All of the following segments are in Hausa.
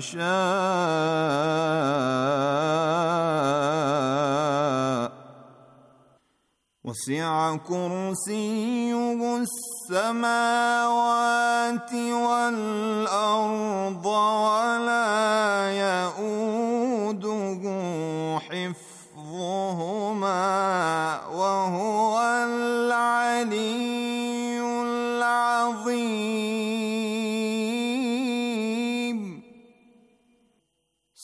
يشاء وسع كرسيه السماوات والارض ولا يئوس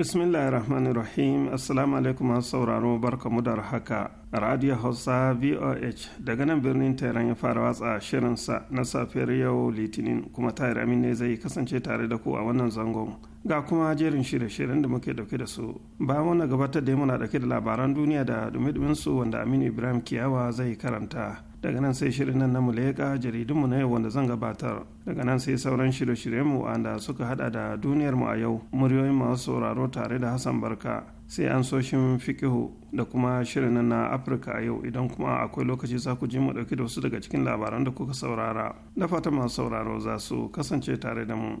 bismillahirrahmanirrahim assalamu alaikum masu sauraro barkamu da haka radio hausa voh daga nan birnin tehran ya fara watsa shirinsa na safiyar yau litinin kuma tahir amin ne zai kasance tare da ku a wannan zangon ga kuma jerin shirye-shiryen da muke dauke da su bayan na gabatar da muna dauke da labaran duniya da dumi su wanda aminu ibrahim kiyawa zai karanta daga nan sai shirin nan na muleka jaridunmu na yau wanda zan gabatar daga nan sai sauran shirye-shiryenmu wanda suka hada da duniyarmu a yau muryoyin masu sauraro tare da hassan barka sai an shin fikihu da kuma shirin nan na afirka a yau idan kuma akwai lokaci za ku ji mu dauki da wasu daga cikin labaran da kuka saurara na fata masu sauraro za su kasance tare da mu.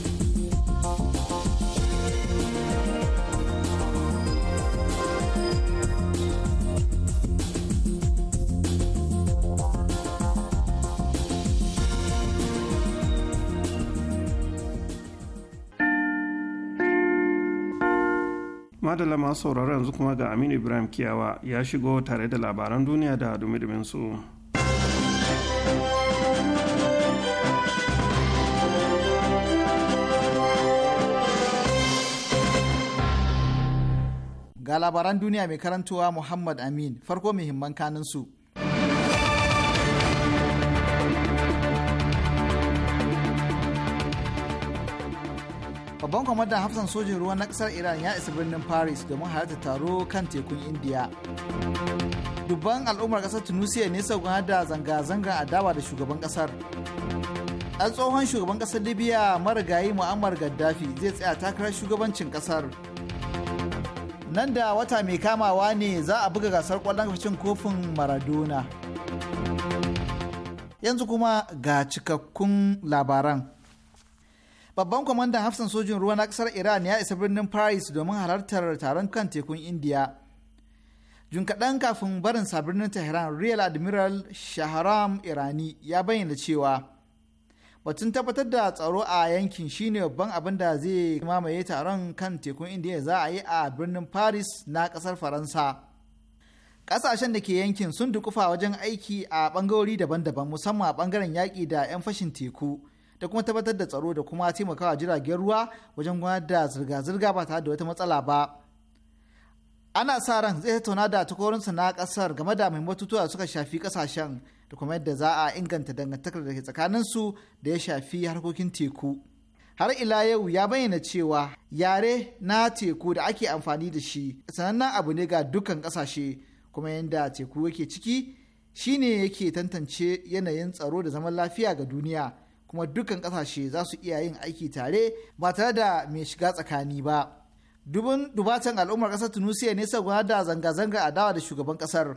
madalla masu sauraron yanzu kuma ga aminu ibrahim kiyawa ya shigo tare da labaran duniya da dumidumin su. ga labaran duniya mai karantowa muhammad amin farko muhimman kanin babban kwamandan hafsan sojin ruwa na kasar iran ya isa birnin paris domin halarta taro kan tekun indiya dubban al'ummar ƙasar tunisia ne sau da zanga-zanga adawa da shugaban ƙasar. a tsohon shugaban ƙasar libya marigayi muammar gaddafi zai tsaya takarar shugabancin ƙasar. nan da wata mai kamawa ne za a buga gasar kwallon cin kofin maradona yanzu kuma ga cikakkun labaran babban kwamandan hafsan sojin ruwa na kasar iran ya isa birnin paris domin halartar taron kan tekun india. jun kaɗan kafin barin sa birnin tehran real admiral shahram irani ya bayyana cewa batun tabbatar da tsaro a yankin shine babban abin da zai mamaye taron kan tekun india za a yi a birnin paris na kasar faransa kasashen da ke yankin sun dukufa wajen aiki a bangarori daban-daban musamman a bangaren yaƙi da 'yan fashin teku da kuma tabbatar da tsaro da kuma taimakawa jiragen ruwa wajen gudanar da zirga-zirga ba tare da wata matsala ba. Ana sa ran zai tattauna da takwarorinsa na kasar game da mai tutuwa suka shafi kasashen da kuma yadda za a inganta dangantakar da ke su da ya shafi harkokin teku. har ila yau ya bayyana cewa yare na teku da ake amfani da shi sanannen abu ne ga dukkan kasashe kuma yadda teku yake ciki shine yake tantance yanayin tsaro da zaman lafiya ga duniya kuma dukkan kasashe za su iya yin aiki tare ba tare da mai shiga tsakani ba dubin dubatan al'ummar kasar tunisia ne saboda da zanga-zanga a dawa da shugaban kasar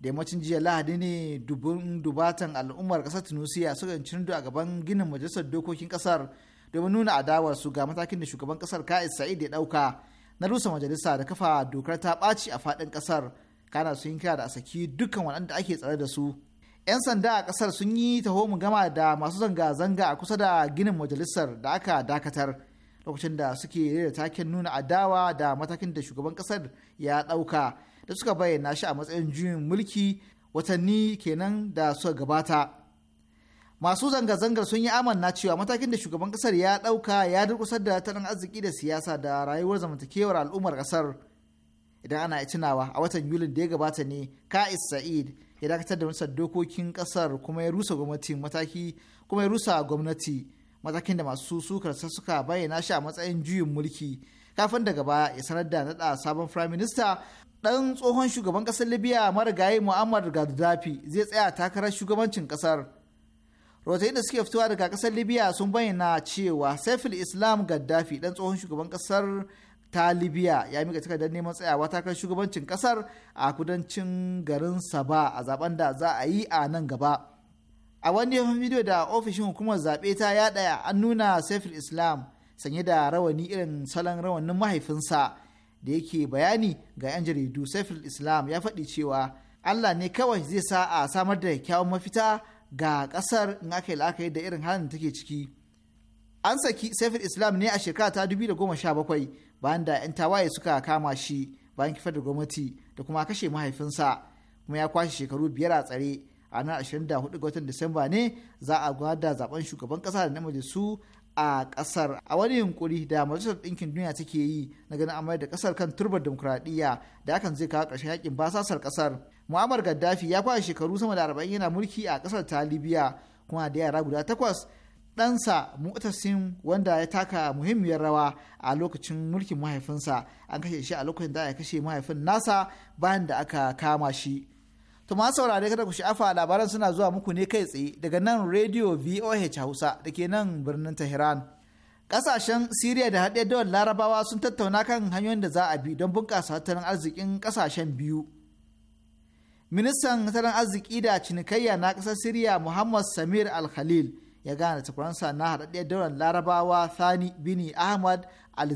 da yammacin jiya lahadi ne dubin dubatan al'ummar kasar tunisia suka cindu a gaban ginin majalisar dokokin kasar domin nuna adawar su ga matakin da shugaban ƙasar ka'is sa'id ya ɗauka. na rusa majalisa da kafa dokar ta ɓaci a faɗin ƙasar. kana sun kira da a saki dukkan waɗanda ake tsare da su 'yan sanda a kasar sun yi taho gama da masu zanga-zanga a kusa da ginin majalisar da aka dakatar lokacin da suke da taken nuna adawa da matakin da shugaban kasar ya ɗauka da suka bayyana shi a matsayin juyin mulki watanni kenan da suka gabata masu zanga-zangar sun yi amanna cewa matakin da shugaban kasar ya ɗauka ya durkusar da tattalin arziki da siyasa da rayuwar zamantakewar al'ummar kasar idan ana tunawa a watan yulin da ya gabata ne ka'is sa'id ya dakatar da majalisar dokokin kasar kuma ya rusa gwamnati mataki kuma ya rusa gwamnati matakin da masu sukar suka bayyana shi a matsayin juyin mulki kafin daga baya ya sanar da naɗa sabon prime minista ɗan tsohon shugaban ƙasar libya marigayi muammar gaddafi zai tsaya takarar shugabancin kasar rahotanni da suke fitowa daga ƙasar libya sun bayyana cewa saiful islam gaddafi ɗan tsohon shugaban ƙasar ta libya ya mika takardar neman tsayawa takarar shugabancin kasar a kudancin garin saba a zaben da za a yi a nan gaba a wani yawan bidiyo da ofishin hukumar zaɓe ta yaɗa an nuna saifir islam sanye da rawani irin salon rawanin mahaifinsa da yake bayani ga 'yan jaridu saifir islam ya faɗi cewa allah ne kawai zai sa a samar da kyawun mafita ga ƙasar in aka yi la'akari da irin halin da take ciki an saki saifir islam ne a shekara ta 2017 bayan da 'yan tawaye suka kama shi bayan kifar da gwamnati da kuma kashe mahaifinsa kuma ya kwashe shekaru biyar a tsare a ranar 24 ga watan Disamba ne za a gwada zaben shugaban kasa da na majalisu a kasar a wani yunkuri da majalisar ɗinkin duniya take yi na ganin amai da kasar kan turbar demokuraɗiyya da hakan zai kawo ƙarshen yakin basasar kasar mu'ammar gaddafi ya kwashe shekaru sama da arba'in yana mulki a kasar ta kuma da yara guda takwas ɗansa mutasin wanda ya taka muhimmiyar rawa a lokacin mulkin mahaifinsa an kashe shi a lokacin da ya kashe mahaifin nasa bayan da aka kama shi to ma saurare kada ku sha'afa labaran suna zuwa muku ne kai tsaye daga nan radio voh hausa da ke nan birnin tehran Ƙasashen siriya da haɗe dawar larabawa sun tattauna kan hanyoyin da za a bi don bunƙasa tattalin arzikin kasashen biyu ministan tattalin arziki da cinikayya na ƙasar siriya muhammad samir al-khalil ya gane da na haɗaɗɗiyar daular larabawa sani bini ahmad al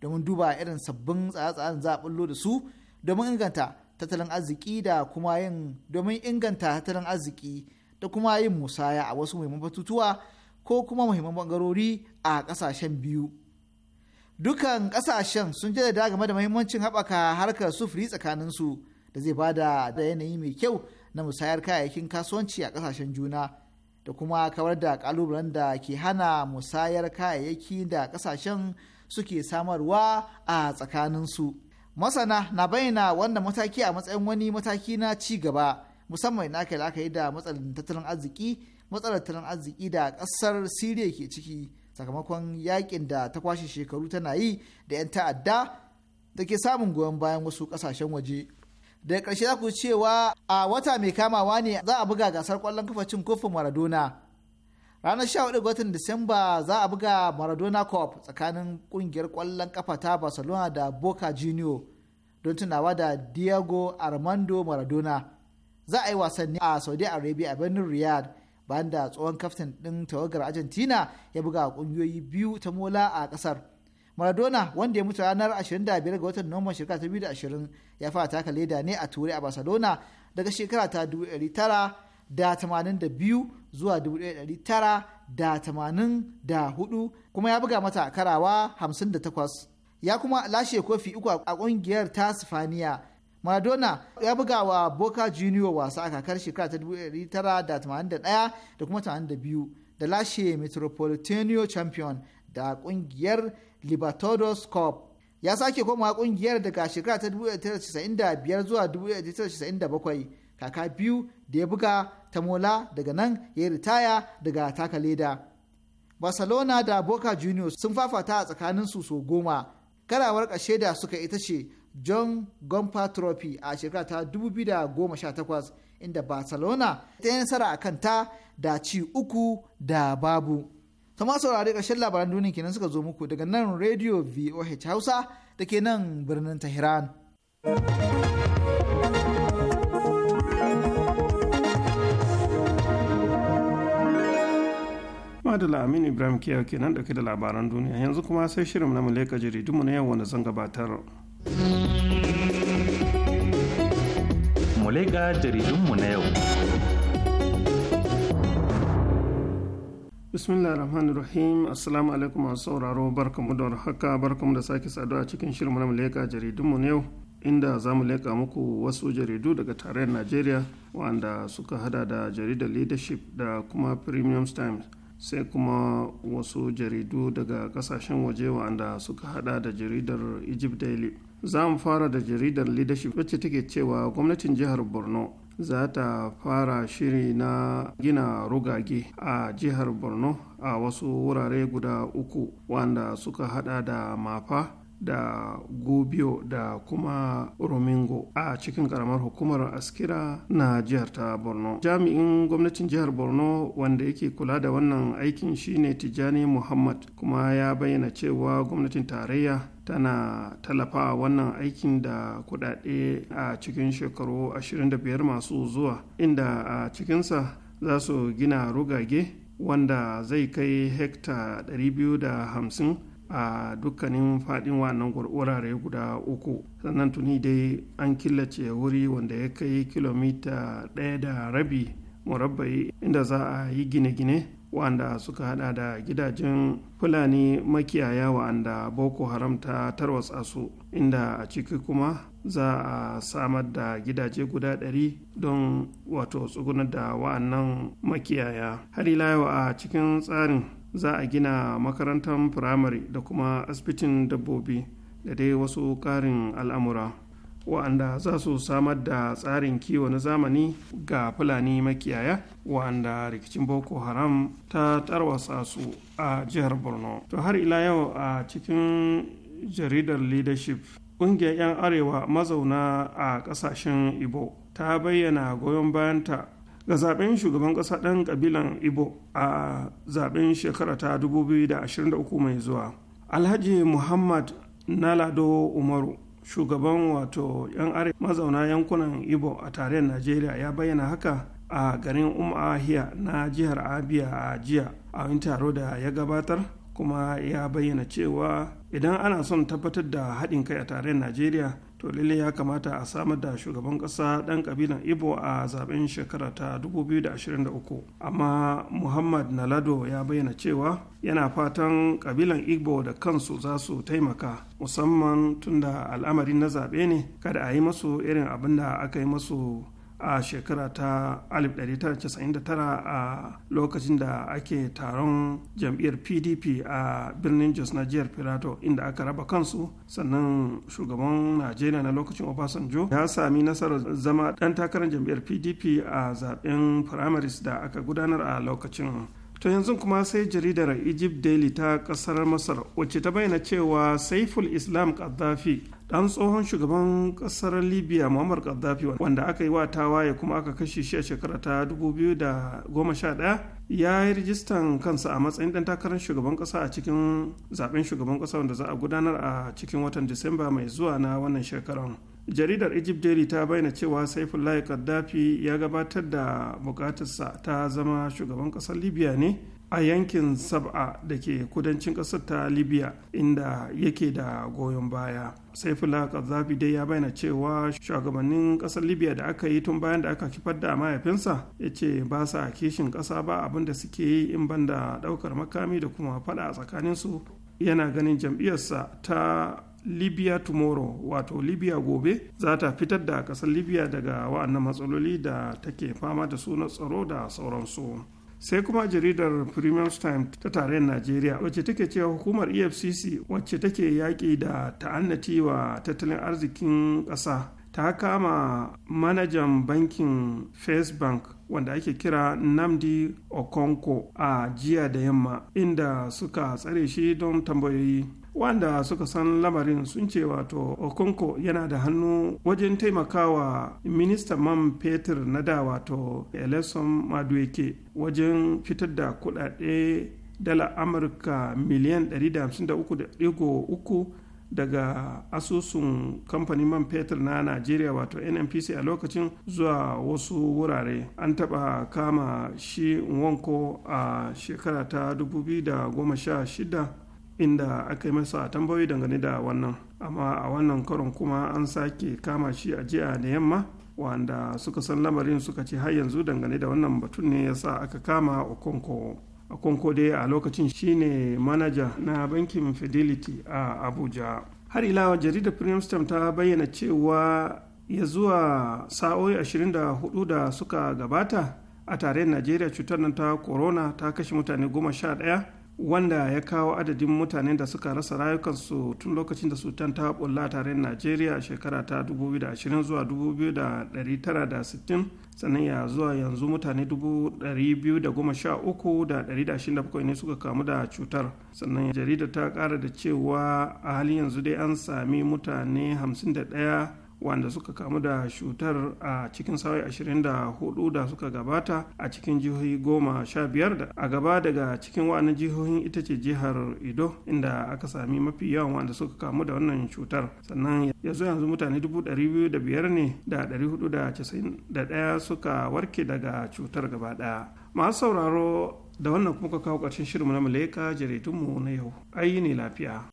domin duba irin sabbin tsare-tsaren bullo da su domin inganta tattalin arziki da kuma yin domin inganta tattalin arziki da kuma yin musaya a wasu muhimman batutuwa ko kuma muhimman bangarori a ƙasashen biyu dukan ƙasashen sun da game da muhimmancin haɓaka harkar sufuri tsakanin su da zai bada da yanayi mai kyau na musayar kayayyakin kasuwanci a ƙasashen juna da kuma kawar da kalubalen da ke hana musayar kayayyaki da kasashen suke samarwa a tsakaninsu. Masana na bayyana wannan mataki a matsayin wani mataki na ci gaba musamman na kai la'akari da matsalin tattalin arziki matsalar tattalin arziki da kasar Siriya ke ciki sakamakon yakin da ta kwashe shekaru tana yi da 'yan ta'adda da ke samun goyon bayan wasu kasashen waje. daga ƙarshe za ku cewa a wata mai kamawa ne za a buga gasar ƙwallon kafa cin kofin maradona ranar 14 ga watan disamba za a buga maradona cup tsakanin ƙungiyar ƙwallon kafa ta barcelona da boca junior don tunawa da diego armando maradona za a yi wasanni a saudi arabia a birnin riyadh bayan da tsohon kaftin ɗin tawagar argentina ya buga ƙungiyoyi biyu ta mola a ƙasar Maradona wanda ya mutu ranar 25 ga watan Nuwamban shekara ta 2020 ya fara taka leda ne a Turai a Barcelona daga shekara ta 1982 zuwa 1984 kuma ya buga mata karawa 58. Ya kuma lashe kofi uku a kungiyar ta Sifaniya. Maradona ya buga wa Boca Junior wasa a kakar shekara ta 1981 da kuma 82 da lashe Metropolitano Champion da kungiyar libertadores cup ya sake komawa kungiyar daga shekara ta 1995 zuwa 1997 kaka biyu da ya buga ta mola daga nan ya yi ritaya daga taka leda barcelona da boca juniors sun fafata a tsakanin su so goma karawar ƙashe da suka ita ce john gompa trophy a shekara ta 2018 inda barcelona ta yi nasara a kanta da ci uku da babu ta ma saurari ƙarshen labaran duniya kenan suka zo muku daga nan radio voh hausa da ke nan birnin tehran madala aminu ibrahim kiyau kenan dauke da labaran duniya yanzu kuma sai shirin na muleka jaridunmu na yau wanda zan gabatar muleka jaridunmu na yau bismillah rahman rahim assalamu alaikum masu sauraro barkamu da haka barkamu da sake saduwa cikin shirin mu leƙa jaridunmu na yau inda za mu leƙa muku wasu jaridu daga tarayyar najeriya wanda suka hada da jaridar leadership da kuma premium times sai kuma wasu jaridu daga kasashen waje wanda suka hada da jaridar egypt daily za mu fara da jaridar leadership wacce take cewa gwamnatin jihar borno za ta fara shiri na gina rugage a jihar borno a wasu wurare guda uku wanda suka hada da mafa da gobio da kuma romingo a cikin karamar hukumar askira na jihar ta borno jami'in gwamnatin jihar borno wanda yake kula da wannan aikin shine tijjani muhammad kuma ya bayyana cewa gwamnatin tarayya tana tallafa wannan aikin da kudade a cikin shekaru 25 masu zuwa inda a cikinsa za su gina rugage wanda zai kai hekta 250 a dukkanin faɗin wannan wurare guda uku sannan tuni dai an killace wuri wanda ya kai kilomita ɗaya da rabi murabba'i inda za a yi gine-gine wanda suka hada da gidajen fulani makiyaya wa'anda boko haram ta tarwatsa su inda a ciki kuma za a samar da gidaje guda ɗari don wato tsugunar da wa'annan makiyaya har ila yau a cikin tsarin za a gina makarantar firamare da kuma asibitin dabbobi da dai wasu ƙarin al'amura wa'anda za su samar da tsarin kiwo na zamani ga fulani makiyaya wa'anda rikicin boko haram ta tarwasa su a jihar borno to har ila yau a cikin jaridar leadership ƙungiyar 'yan arewa mazauna a ƙasashen ibo ta bayyana goyon bayanta ga zaben shugaban ƙasa ɗan ƙabilan ibo a zaben shekara ta 2023 mai zuwa alhaji muhammad nalado umaru shugaban wato 'yan are mazauna yankunan ibo a tarayyar najeriya ya bayyana haka a garin umahiya na jihar abia a jiya a wani taro da ya gabatar kuma ya bayyana cewa idan ana son tabbatar da haɗin kai a tarayyar najeriya to lele ya kamata a samar da shugaban kasa dan kabilan ibo a zaben shekara ta 2023 amma muhammad nalado ya bayyana cewa yana fatan kabilan igbo da kansu za su taimaka musamman tunda al'amari na zaɓe ne kada a yi masu irin abin da aka yi masu a shekara ta 1999 a lokacin da ake taron jam'iyyar pdp a birnin jos na jihar pirato inda aka raba kansu sannan shugaban najeriya na lokacin obasanjo ya sami nasarar zama dan takarar jam'iyyar pdp a zaben primaries da aka gudanar a lokacin to yanzu kuma sai jaridar egypt daily ta kasar masar wacce ta bayyana cewa saiful islam kaddafi dan tsohon shugaban kasar libya muammar gaddafi wanda aka yi wa tawaye kuma aka kashe shi a shekara ta 2011 ya yi rijistan kansa a matsayin dan takarar shugaban kasa a cikin zaben shugaban kasa wanda za a gudanar a cikin watan disamba mai zuwa na wannan shekarar jaridar egypt daily ta bayyana cewa saifullahi gaddafi ya gabatar da bukatarsa ta zama shugaban kasar libya ne a yankin sab'a da ke kudancin kasar ta libya inda yake da goyon baya saifullah gaddafi dai ya bayyana cewa shugabannin kasar libya da aka yi tun bayan da aka kifar da mahaifinsa ya ce ba sa kishin kasa ba abin da suke yi in banda daukar makami da kuma fada a tsakaninsu yana ganin jam'iyyarsa ta libya tomorrow wato libya gobe za ta fitar da kasar libya daga wa'annan matsaloli da take fama da su na tsaro da sauransu sai kuma jaridar premium time ta tarayyar najeriya wacce take cewa hukumar efcc wacce take yaƙi da ta'annati wa tattalin arzikin ƙasa ta kama manajan bankin first bank wanda ake kira namdi okonko a jiya da yamma inda suka tsare shi don tambayoyi wanda suka san lamarin sun ce wato okonko yana da hannu wajen taimakawa minista man fetur na da wato eleson madueke wajen fitar da kudade dala amurka miliyan 153.3 daga asusun kamfanin man fetur na nigeria wato nnpc a lokacin zuwa wasu wurare an taɓa kama shi wanko a shekara ta 2016 inda aka yi masa tambayoyi dangane da wannan amma a wannan karon kuma an sake kama shi a jiya da yamma wanda suka san lamarin suka ce har yanzu dangane da wannan batun ne yasa aka kama okonko okonko dai a lokacin shine manaja na bankin fidelity a abuja har ila jaridar premium ta bayyana cewa ya zuwa sa'o'i 24 da suka gabata a tarayyar najeriya cutar nan ta corona ta kashe mutane goma sha ɗaya wanda ya kawo adadin mutanen da suka rasa rayukansu tun lokacin da sultan ta bulla da najeriya a shekara ta 2020 zuwa 2960 sannan ya zuwa yanzu mutane 213,127 ne suka kamu da cutar sannan jarida ta kara da cewa a halin yanzu dai an sami mutane 51 wanda suka kamu da cutar a cikin sa'o'i 24 da suka gabata a cikin jihohi goma sha biyar da a gaba daga cikin wa'annan jihohin ita ce jihar ido inda aka sami mafi yawan wanda suka kamu da wannan cutar sannan yanzu yanzu mutane biyar ne da 491 suka warke daga cutar gaba daya masu sauraro da wannan kuma kawo ƙarshen shirinmu na mu na yau Ai ne lafiya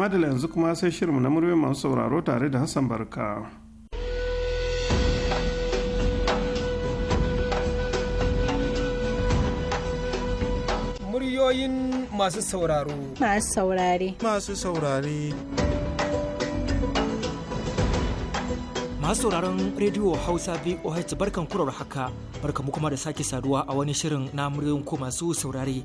madala yanzu kuma sai shirinmu na muryoyin masu sauraro tare da hassan barka muryoyin masu sauraro masu saurare masu saurare masu sauraron rediyo hausa voh barkan kurar haka barkamu kuma da sake saduwa a wani shirin na muryoyin ko masu saurare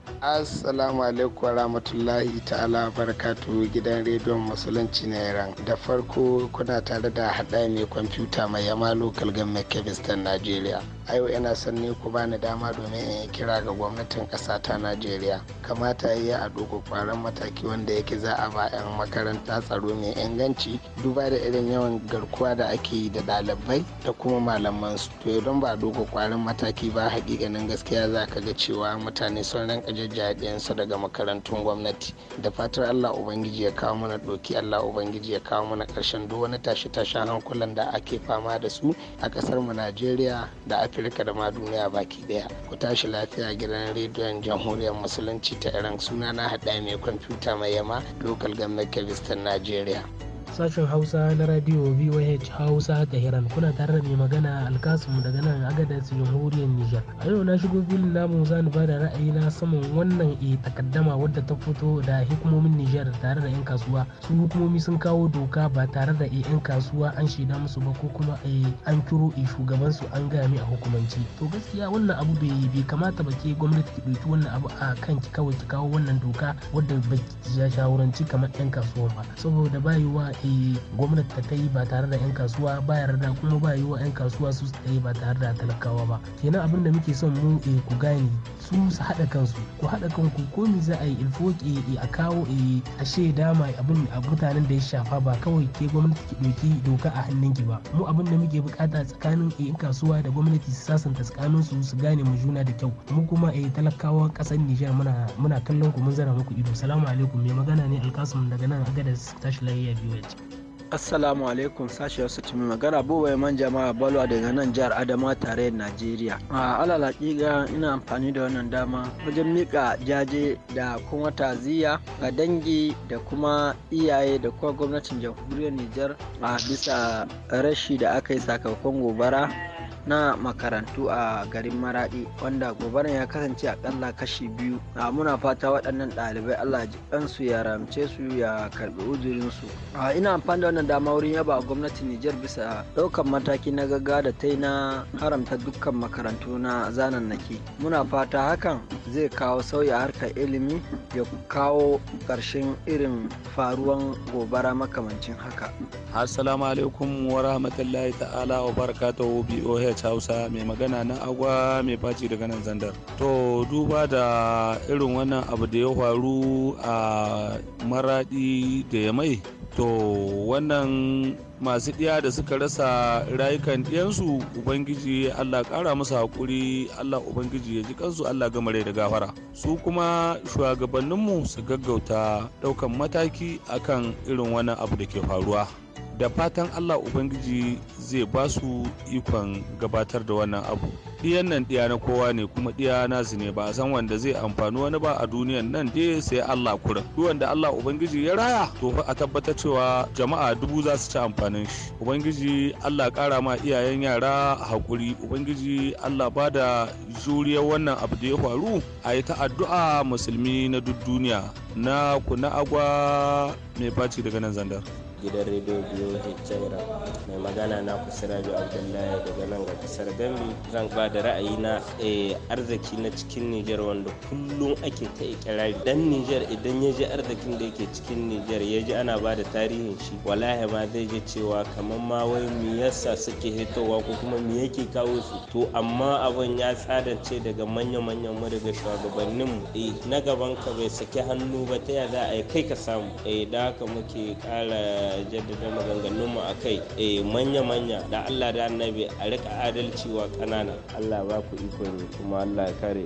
Assalamu alaikum warahmatullahi ta'ala barakatu gidan rediyon musulunci na Iran. Da farko kuna tare da haɗa mai kwamfuta mai yama lokal government ta Najeriya. A yau ina son ne ku bani dama domin in kira ga gwamnatin ƙasa ta Najeriya. Kamata ya yi a dogo kwaran mataki wanda yake za a ba 'yan makaranta tsaro mai inganci duba da irin yawan garkuwa da ake yi da ɗalibai da kuma malaman su. To don ba a dogo kwaran mataki ba hakikanin gaskiya za ka ga cewa mutane sun rinka jaɗiyansa daga makarantun gwamnati da fatar allah ubangiji ya kawo mana doki allah ubangiji ya kawo mana karshen duk wani tashi tashen hankulan da ake fama da su a kasar mu najeriya da afirka da ma duniya baki ɗaya ku tashi lafiya gidan rediyon jamhuriyar musulunci ta iran suna na hada mai kwamfuta mai yama local government kebistan najeriya sashen hausa na radio voh hausa hiran kuna tare da mai magana alkasumu daga nan agadas jamhuriyar nijar a yau na shigo filin namu za ni ba da ra'ayina saman wannan e takaddama wadda ta fito da hukumomin nijar tare da yan kasuwa su hukumomi sun kawo doka ba tare da yan eh, kasuwa an shaida musu ba ko kuma eh, an kiro e shugaban su an gami a hukumance to gaskiya wannan abu bai kamata ba ke gwamnati ki ɗauki wannan abu a kanki kawai ki kawo wannan doka wadda ba ki shawaranci kamar yan kasuwa ba saboda bayuwa e gwamnati ta yi ba tare da 'yan kasuwa ba yarda kuma ba wa 'yan kasuwa su ta yi ba tare da talakawa ba kenan abin da muke son mu eh, ku gane su su haɗa kansu ku haɗa kanku ko me za a yi ilfoki eh, eh, a kawo a shaida ma abin a mutanen da ya shafa ba kawai ke gwamnati ki ɗauki doka a hannunki ba mu abin da muke bukata tsakanin 'yan kasuwa da gwamnati su sasanta tsakanin su su gane mu juna da kyau mu kuma e, talakawa ƙasar Nijar muna muna kallon ku mun zara muku ido salamu alaikum mai magana ne alkasum daga nan agadar tashi lafiya biyu Assalamu alaikum sashi wasu tumi magana abubuwa man jama'a balwa daga nan jihar Adama tare da Najeriya. A alal hakika ina amfani da wannan dama wajen miƙa jaje da kuma taziya ga dangi da kuma iyaye da kuma gwamnatin jamhuriyar Nijar a bisa rashi da aka yi sakamakon gobara na makarantu a garin maradi wanda gobaran ya kasance a kalla kashi biyu a muna fata waɗannan ɗalibai allah ji su ya ramce su ya karɓi ujirinsu a ina amfani da wannan dama wurin yaba a gwamnatin nijar bisa ɗaukan mataki na gaga da ta na haramta dukkan makarantu na zanannaki muna fata hakan zai kawo sauya harkar ilimi ya kawo ƙarshen irin faruwan gobara makamancin haka assalamu alaikum wa rahmatullahi ta'ala wa barakatuhu boh da Hausa mai magana na agwa mai baci daga nan zandar. To duba da irin wannan abu da ya faru a maradi da ya mai. To wannan masu ɗiya da suka rasa rayukan ɗiyansu ubangiji allah ƙara musu haƙuri allah ubangiji ya ji kansu allah gama rai da gafara su kuma shugabanninmu su gaggauta ɗaukan mataki akan irin wannan abu da ke faruwa da fatan allah ubangiji zai ba su ikon gabatar da wannan abu ɗiyan nan ɗiya na kowa ne kuma ɗiya na ne ba a san wanda zai amfani wani ba a duniyan nan dai sai allah kura duk wanda allah ubangiji ya raya to a tabbatar cewa jama'a dubu za su ci amfanin shi ubangiji allah kara ma iyayen yara hakuri ubangiji allah ba da juriyar wannan abu da ya faru a yi ta addu'a musulmi na duk duniya na kuna agwa mai baci daga nan zandar gidan rediyo biyu hijjaira mai magana na da abdullahi daga nan ga kasar gambi zan ba da ra'ayi na eh, arziki na cikin nijar wanda kullum ake ta ikirari dan nijar idan ya ji arzikin da yake cikin nijar ya ji ana ba da tarihin shi wallahi ma zai ji cewa kamar ma wai mi yasa suke hitowa ko kuma mi yake kawo su to amma abin ya tsadance daga manya-manyan mu daga shugabanninmu eh, na gaban ka bai saki hannu ba ta ya za a yi kai ka samu eh da haka muke kara da jaddada maganganunmu a kai eh, manya-manya da Allah da annabi a rika adalci wa ƙanana Allah ba ku ne kuma Allah ya kare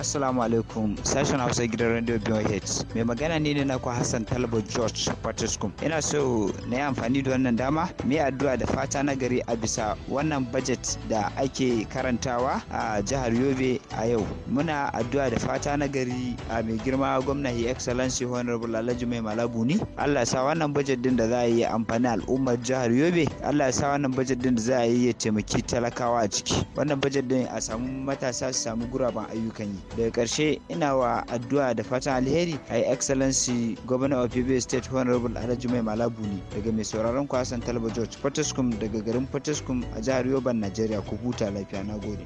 Assalamu alaikum sashen Hausa gidan Radio BOH. Mai magana ne na naku Hassan Talbo George Patiskum. Ina so na yi amfani da wannan dama mai addu'a da fata na gari a bisa wannan budget da ake karantawa a jihar Yobe a yau. Muna addu'a da fata na gari a mai girma gwamna His Excellency Honorable Alhaji Mai Malabu ne. Allah sa wannan budget din da za a yi amfani al'ummar jihar Yobe. Allah sa wannan budget din da za a yi ya taimaki talakawa a ciki. Wannan budget din a samu matasa su samu guraben ayyukan yi. daga karshe ina wa addu'a da fatan alheri high excellency governor of yobe state honorable alhaji mai malabuni daga mai sauraron kwasan talba george fataskum daga garin fataskum a jihar yoban nigeria ku huta lafiya na gode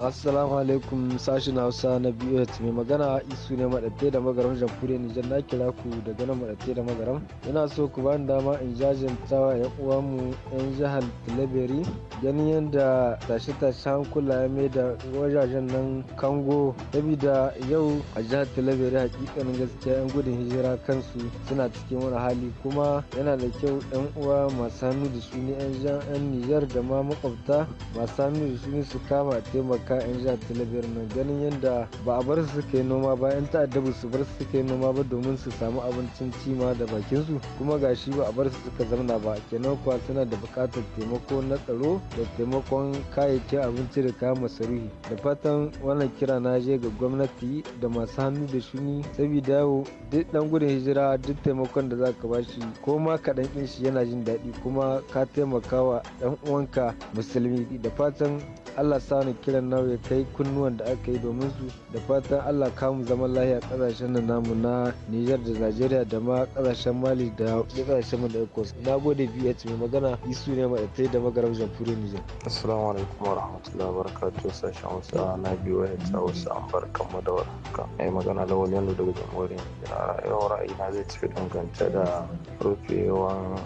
assalamu alaikum sashen hausa na bos mai magana isu ne madatte da magaram jamhuriyar nijar na kira ku daga nan madatte da magaram ina so ku bani dama in jajanta wa yan uwanmu yan jihar tilabiri ganin yadda tashe tashe hankula ya mai da wajajen nan kango sabida yau a jihar tilabiri hakikanin gaskiya yan gudun hijira kansu suna cikin wani hali kuma yana da kyau yan uwa masu hannu da su ne yan nijar da ma makwabta masu hannu da su ne su kama taimaka kan 'yan jihar talabiyar mai ganin yadda ba a bar su suka yi noma ba 'yan ta'adda ba su bar su suka yi noma ba domin su samu abincin cima da bakinsu kuma gashi ba a bar su suka zamna ba kenan kuwa suna da bukatar taimako na tsaro da taimakon kayayyakin abinci da kayan masarufi da fatan wannan kira na je ga gwamnati da masu hannu da shuni saboda yau duk dan gudun hijira duk taimakon da za ka bashi ko ma kaɗan ɗin shi yana jin daɗi kuma ka taimaka wa ɗan uwanka musulmi da fatan allah sani ni kiran namu ya kai kunnuwan da aka yi domin su da fatan allah kamu zaman lahiya kasashen nan namu na nijar da najeriya da ma kasashen mali da kasashen mu da ecos na gode biyu mai magana isu ne ma ita da magaram jamhuriyar nijar assalamu alaikum wa rahmatullahi wa barakatuh sashen wasa na biyu ya ta wasu an barkan mu da warhaka mai magana lawal yalo daga jamhuriyar nijar yau ra'ayi na zai tafi dangance da rufewan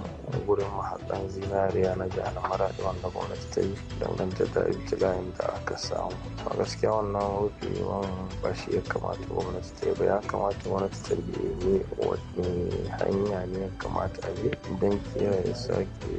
gurin mahaɗan zinariya na jihar maradi wanda gwamnati ta yi danganta da ibtila'in da aka samu a gaskiya wannan rufewan ba shi ya kamata gwamnati ta yi ba ya kamata gwamnati ta yi wani hanya ne ya kamata a bi don kiyaye sake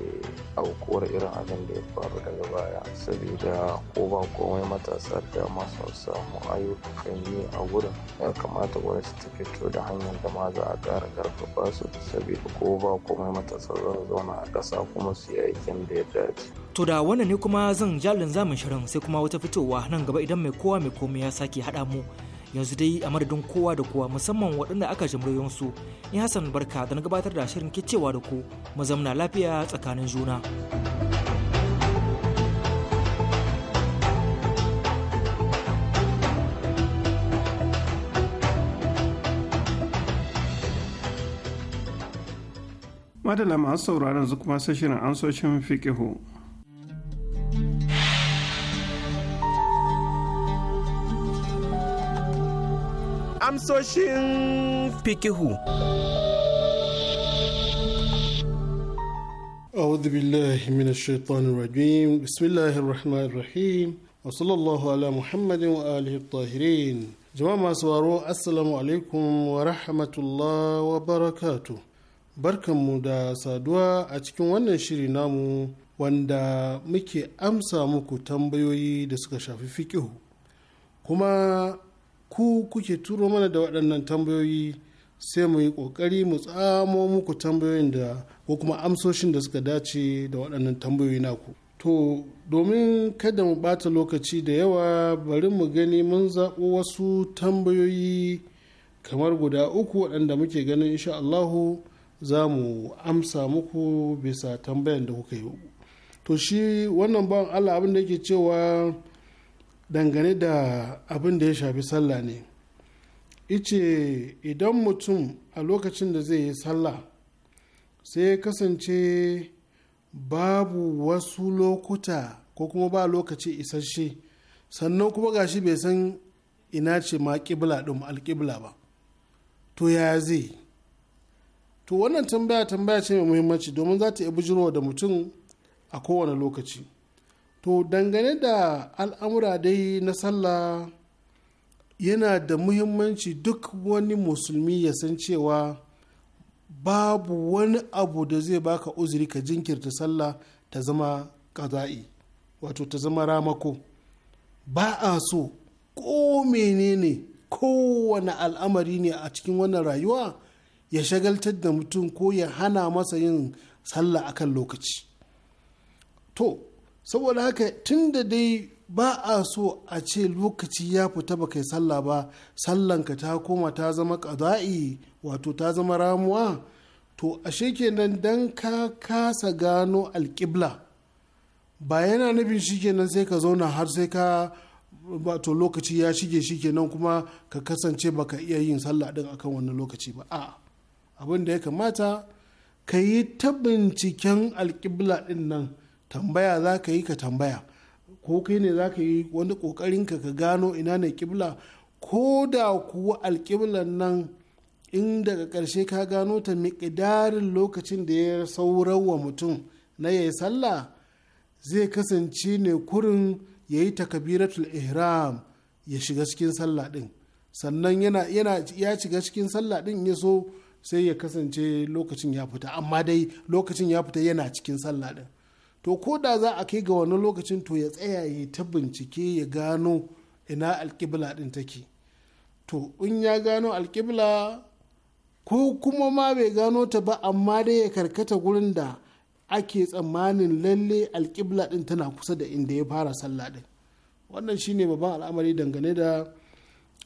aukuwar irin abin da ya faru daga baya saboda ko ba komai matasa da masu samu ayyukan yi a gurin ya kamata gwamnati ta fito da hanyar da ma za a ƙara ƙarfafa su saboda ko ba komai matasa za su zauna a ƙasa kuma su yi aikin da ya dace. To da wannan ne kuma zan jalin zamin shirin sai kuma wata fitowa nan gaba idan mai kowa mai komai ya sake haɗa mu. Yanzu dai a madadin kowa da kowa musamman waɗanda aka jimriyon su in Hassan Barka da na gabatar da shirin kicewa da ku mu zamna lafiya tsakanin juna. madala masu sauraron su kuma sashirin ansoshin fikihu amsoshin fikihu أعوذ بالله من الشيطان الرجيم بسم الله الرحمن الرحيم وصلى الله على محمد وآله الطاهرين جماعة سوارو السلام عليكم ورحمة الله وبركاته barkanmu da saduwa a cikin wannan shiri namu wanda muke amsa muku tambayoyi da suka shafi fikihu kuma ku kuke turo mana da waɗannan tambayoyi sai mu yi ƙoƙari mu tsamo muku tambayoyin da ko kuma amsoshin da suka dace da waɗannan tambayoyi naku to domin kada mu ɓata lokaci da yawa bari mu gani mun zaɓo wasu tambayoyi kamar guda uku waɗanda muke ganin insha'Allahu. za mu amsa muku bisa tambayan da kuka yi to shi wannan bawan allah abin da yake cewa dangane da abin da ya shafi sallah ne ice idan mutum a lokacin da zai yi sallah sai ya kasance babu wasu lokuta ko kuma ba lokaci isasshe sannan kuma gashi bai san ina ce ma kibla ɗin alkibla ba to ya zai to wannan tambaya tambaya ce mai muhimmanci domin za ta iya da mutum a kowane lokaci to dangane da al'amura dai na sallah yana da muhimmanci duk wani musulmi ya san cewa babu wani abu da zai baka uzuri ka jinkirta sallah ta zama kaza'i wato ta zama ramako ba a so ko menene kowane al'amari ne a cikin wannan rayuwa ya shagaltar da mutum ko ya hana masa yin sallah akan lokaci to saboda haka tun da dai ba a so a ce lokaci ya fita ba kai sallah ba sallanka ta koma ta zama kazai wato ta zama ramuwa to ashe nan don ka kasa gano alƙibla ba yana nufin shikenan sai ka zauna har sai ka to lokaci ya shige shikenan kuma ka kasance baka iya yin sallah din akan wannan lokaci ba a'a abin da ya kamata ka yi ta binciken alƙibla ɗin nan tambaya za ka yi ka tambaya ko kai ne za ka yi wani ƙoƙarin ka ka gano ina ne ƙibla ko da kuwa alƙiblan nan in daga ƙarshe ka gano ta miƙidarin lokacin da ya wa mutum na ya yi sallah zai kasance ne kurin ya yi takabiratul ihram ya shiga cikin sallah ɗin sannan yana ya shiga cikin sallah ɗin ya so sai ya kasance lokacin ya fita amma dai lokacin ya fita yana cikin sallah din to ko da za a kai ga wani lokacin to ya tsaya ya ta bincike ya gano ina alkibla din take to in ya gano alkibla ko kuma ma bai gano ta ba amma dai ya karkata gurin da ake tsammanin lalle alkibla din tana kusa da inda ya fara sallah din wannan shine babban al'amari dangane da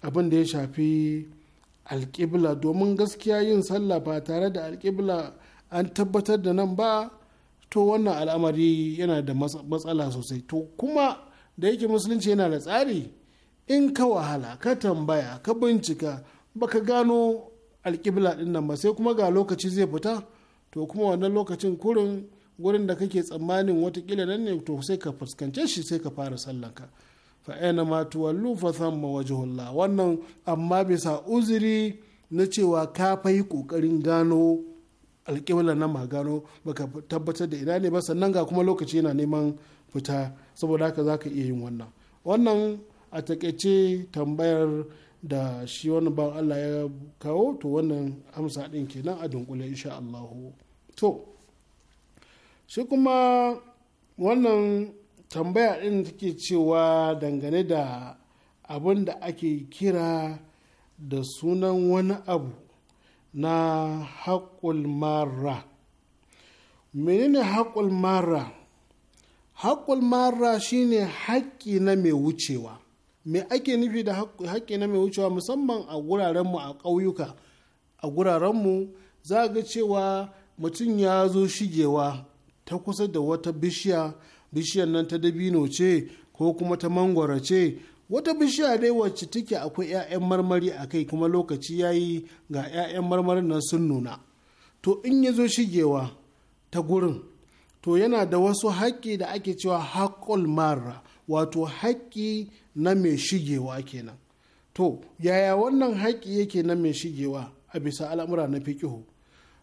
abin da ya shafi alƙibla domin gaskiya yin sallah ba tare da alƙibla an tabbatar da nan ba to wannan al'amari yana da matsala sosai to kuma da yake musulunci yana da tsari in ka wahala ka tambaya ka bincika baka gano alƙibla ɗin nan ba sai kuma ga lokaci zai fita to kuma wannan lokacin kurin gurin da kake tsammanin watakila nan ne to sai ka fuskance shi sai ka fara sallanka fa aina ma tuwallu fa samma wajhullah wannan amma bisa uzuri na cewa ka fai kokarin gano alƙibla na magano baka tabbatar da ina ne ba sannan ga kuma lokaci yana neman fita saboda haka zaka iya yin wannan wannan a takaice tambayar da shi wani ba Allah ya kawo to wannan amsa din kenan a dunkule insha Allah to shi kuma wannan tambaya ɗin take cewa dangane da abin da ake kira da sunan wani abu na haƙul mara menene haƙul mara haƙul mara shine haƙƙi na mai wucewa me ake nufi da haƙƙi na mai wucewa musamman a gurarenmu a ƙauyuka a gurarenmu za ga cewa mutum ya zo shigewa ta kusa da wata bishiya bishiyar nan ta dabino ce ko kuma ta mangwara ce wata bishiya dai wacce take akwai 'ya'yan marmari a kai kuma lokaci ya yi ga 'ya'yan marmarin nan sun nuna to in ya zo shigewa ta gurin to yana da wasu haƙƙi da ake cewa haƙƙul mara wato haƙƙi na mai shigewa kenan to yaya wannan haƙƙi yake na mai shigewa a bisa al'amura na fiƙihu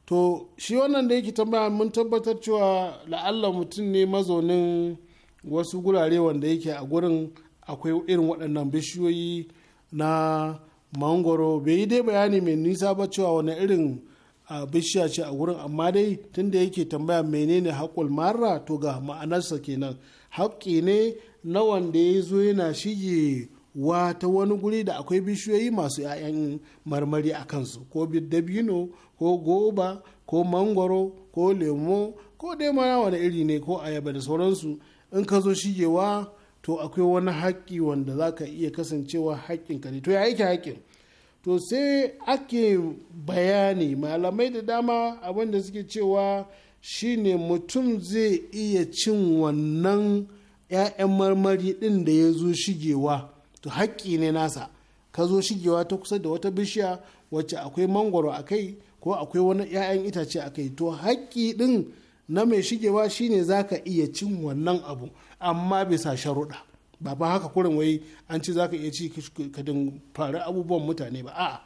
to shi wannan da yake tambaya mun tabbatar cewa la'alla mutum ne mazaunin wasu gurare wanda yake a gurin akwai irin waɗannan bishiyoyi na mangoro bai yi dai bayani mai nisa ba cewa wani irin bishiya ce a gurin amma dai tunda yake tambaya menene haƙul mara to ga ma'anarsa kenan haƙƙi ne na wanda ya zo yana shige wa ta wani guri da akwai bishiyoyi masu 'ya'yan marmari a kansu ko dabino ko goba ko mangoro ko lemo ko dai mara wani iri ne ko ayaba da sauransu in ka zo shigewa to akwai wani haƙƙi wanda za ka iya kasancewa ka ne to ya yake haƙƙin to sai ake bayani malamai da dama abinda suke cewa shine mutum zai iya cin wannan 'ya'yan marmari ɗin da ya zo shigewa to haƙƙi ne nasa ka zo shigewa ta kusa da wata bishiya wacce akwai mangwaro a kai ko akwai wani 'ya'yan itace a kai to haƙƙi ɗin na mai shigewa shine za ka iya cin wannan abu amma bisa sharuɗa ba ba haka kurin wai an ci za ka iya ci kadin fara abubuwan mutane ba a'a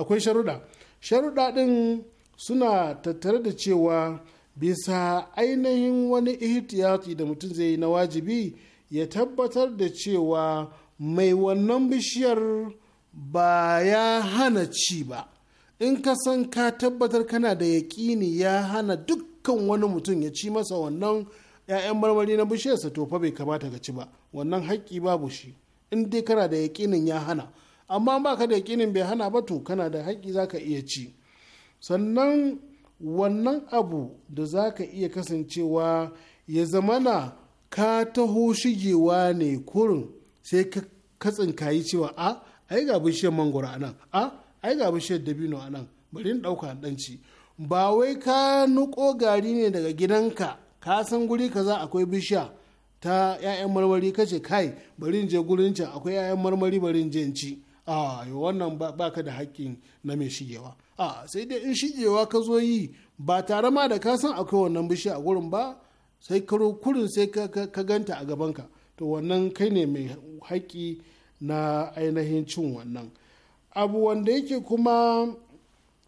akwai sharuɗa sharuɗa ɗin suna tattare da cewa bisa ainihin wani ihtiyati da mutum zai yi na wajibi ya tabbatar da cewa mai wannan bishiyar ba ya hana ci ba in ka san ka tabbatar kana da yaƙini ya hana dukkan wani mutum ya ci masa wannan 'ya'yan marmari na bishiyarsa to fa bai kamata ka ci ba wannan haƙƙi babu shi in dai kana da yaƙinin ya hana amma ba ka da yaƙinin bai hana ba to kana da haƙƙi za ka iya ci sannan wannan abu da za ka iya kasancewa ya zamana ka taho shigewa ne kurin sai ka katsin kayi cewa a ai ga bishiyar mangoro a nan a ai ga bishiyar dabino a nan bari in ɗauka ɗan ci ba wai ka nuko gari ne daga gidanka ka san guri kaza akwai bishiya ta 'ya'yan marmari kace kai bari in je gurin can akwai 'ya'yan marmari bari in je in ci a wannan baka da haƙƙin na mai shigewa a sai dai in shigewa ka zo yi ba tare ma da ka san akwai wannan bishiya a gurin ba sai karo kurin sai ka ganta a gabanka to wannan kai ne mai haƙƙi na ainihin cin wannan abu wanda yake kuma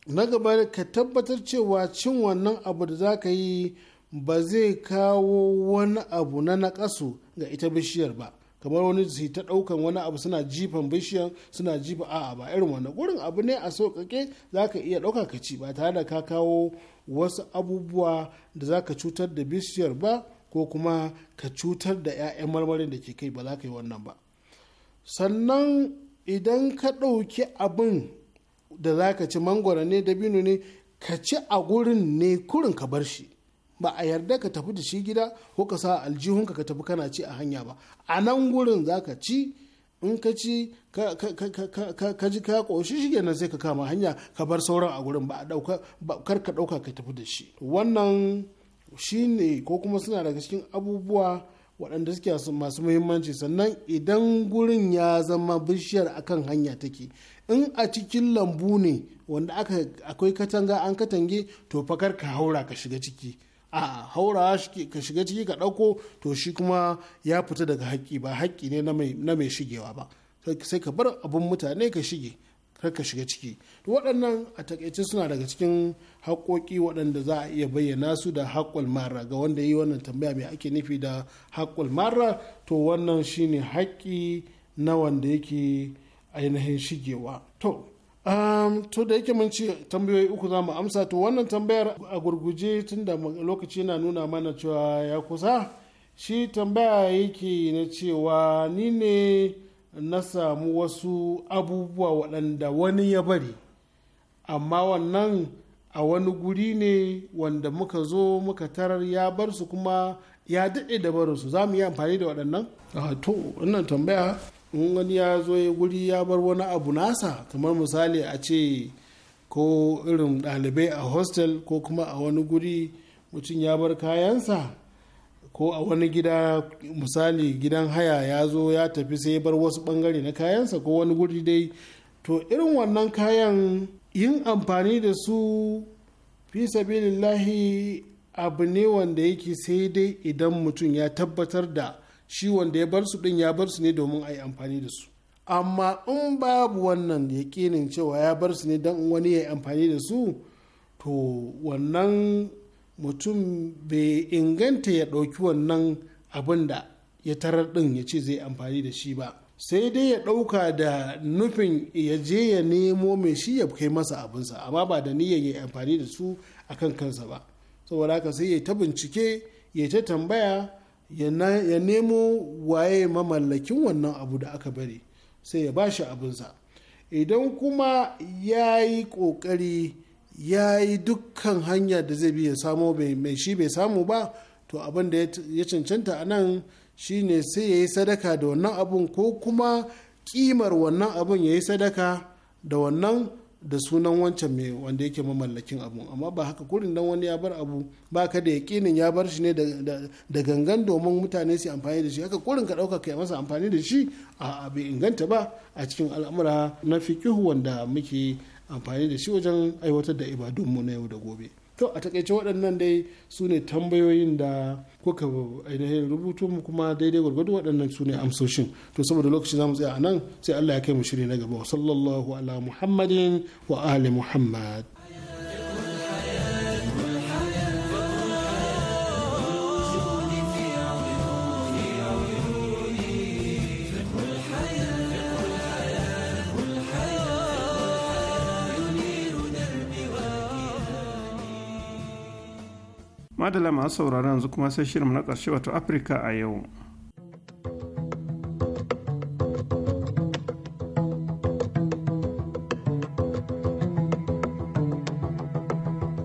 na gaba ka tabbatar cewa cin wannan abu da za ka yi ba zai kawo wani abu na naƙasu ga ita bishiyar ba kamar wani su ta ɗaukan wani abu suna jifan bishiyar suna jifa a'a ba irin wannan gurin abu ne a sauƙaƙe za ka iya ɗauka ka ci ba tare da ka kawo wasu abubuwa da za ka cutar da bishiyar ba ko kuma ka cutar da 'ya'yan marmarin da ke kai ba za ka yi wannan ba sannan idan ka ɗauki abin da za ka ci mangwara ne dabino ne ka ci a gurin ne kurin ka bar shi ba a yarda ka tafi da shi gida ko ka sa aljihunka ka tafi kana ci a hanya ba a nan gurin za ka ci in ka ci ka ji ka ƙoshi shi kenan sai ka kama hanya ka bar sauran a gurin ba a ɗauka ka ɗauka ka tafi da shi wannan shine ko kuma suna daga cikin abubuwa waɗanda suke masu muhimmanci sannan idan gurin ya zama bishiyar akan hanya take in a cikin lambu ne wanda akwai katanga an katange to fakar ka haura ka shiga ciki a haura ka shiga ciki ka ɗauko to shi kuma ya fita daga haƙƙi ba haƙƙi ne na mai shigewa ba sai ka bar abin mutane ka shige ka shiga ciki waɗannan a takaice suna daga cikin haƙoƙi waɗanda za a iya bayyana su da haƙƙul mara ga wanda yi wannan tambaya mai ake nufi da haƙƙul mara to wannan shine haƙƙi na wanda yake ainihin shigewa to Um, to da yake mun ce tambayoyi uku za mu amsa to wannan tambayar a gurguje tunda lokaci na nuna mana cewa ya kusa shi tambaya yake na cewa ni ne na samu wasu abubuwa waɗanda wani ya bari amma wannan a wani guri ne wanda muka zo muka tarar ya bar su kuma ya daɗe da su za mu yi amfani da waɗannan? to wannan tambaya in wani ya zo ya guri ya bar wani abu nasa kamar misali a ce ko irin ɗalibai a hostel ko kuma a wani guri mutum ya bar kayansa ko a wani gida misali gidan haya ya zo ya tafi sai bar wasu bangare na kayansa ko wani guri dai to irin wannan kayan yin amfani da su fi sabilillahi abu ne wanda yake sai dai idan mutum ya tabbatar da shi wanda ya bar su din ya bar su ne domin a yi amfani da su amma in babu wannan yakinin cewa ya bar su ne don wani ya yi amfani da su to wannan mutum bai inganta ya ɗauki wannan abin da ya tarar ɗin ya ce zai amfani da shi ba sai dai ya ɗauka da nufin ya je ya nemo mai shi ya kai masa abinsa amma ba da niyyar ya amfani da su a kan kansa ba saboda haka sai ya ta bincike ya ta tambaya ya nemo waye mamallakin wannan abu da aka bari sai ya ba shi abinsa idan kuma ya yi ƙoƙari ya yi dukkan hanya da zai bi ya samo mai shi bai samu ba to abin da ya cancanta a nan shi ne sai ya yi sadaka da wannan abun ko kuma kimar wannan abun ya yi sadaka da wannan da sunan wancan mai wanda yake mamallakin abu amma ba haka kurin dan wani ya bar abu ba ka da kinin ya bar shi ne da gangan domin mutane su amfani da shi haka kurin ka dauka kai masa amfani da shi a bai inganta ba a cikin al'amura na fikihu wanda muke amfani da shi wajen aiwatar da ibadunmu na yau da gobe to a takaice waɗannan dai su ne tambayoyin da kuka ainihin rubutu mu kuma daidai gwargwado waɗannan su ne amsoshin to saboda lokaci za tsaya a nan sai allah ya kai mu shiri na gaba sallallahu ala muhammadin wa ali muhammad madala masu sauraron yanzu kuma sai shirin na ƙarshe wato afirka a yau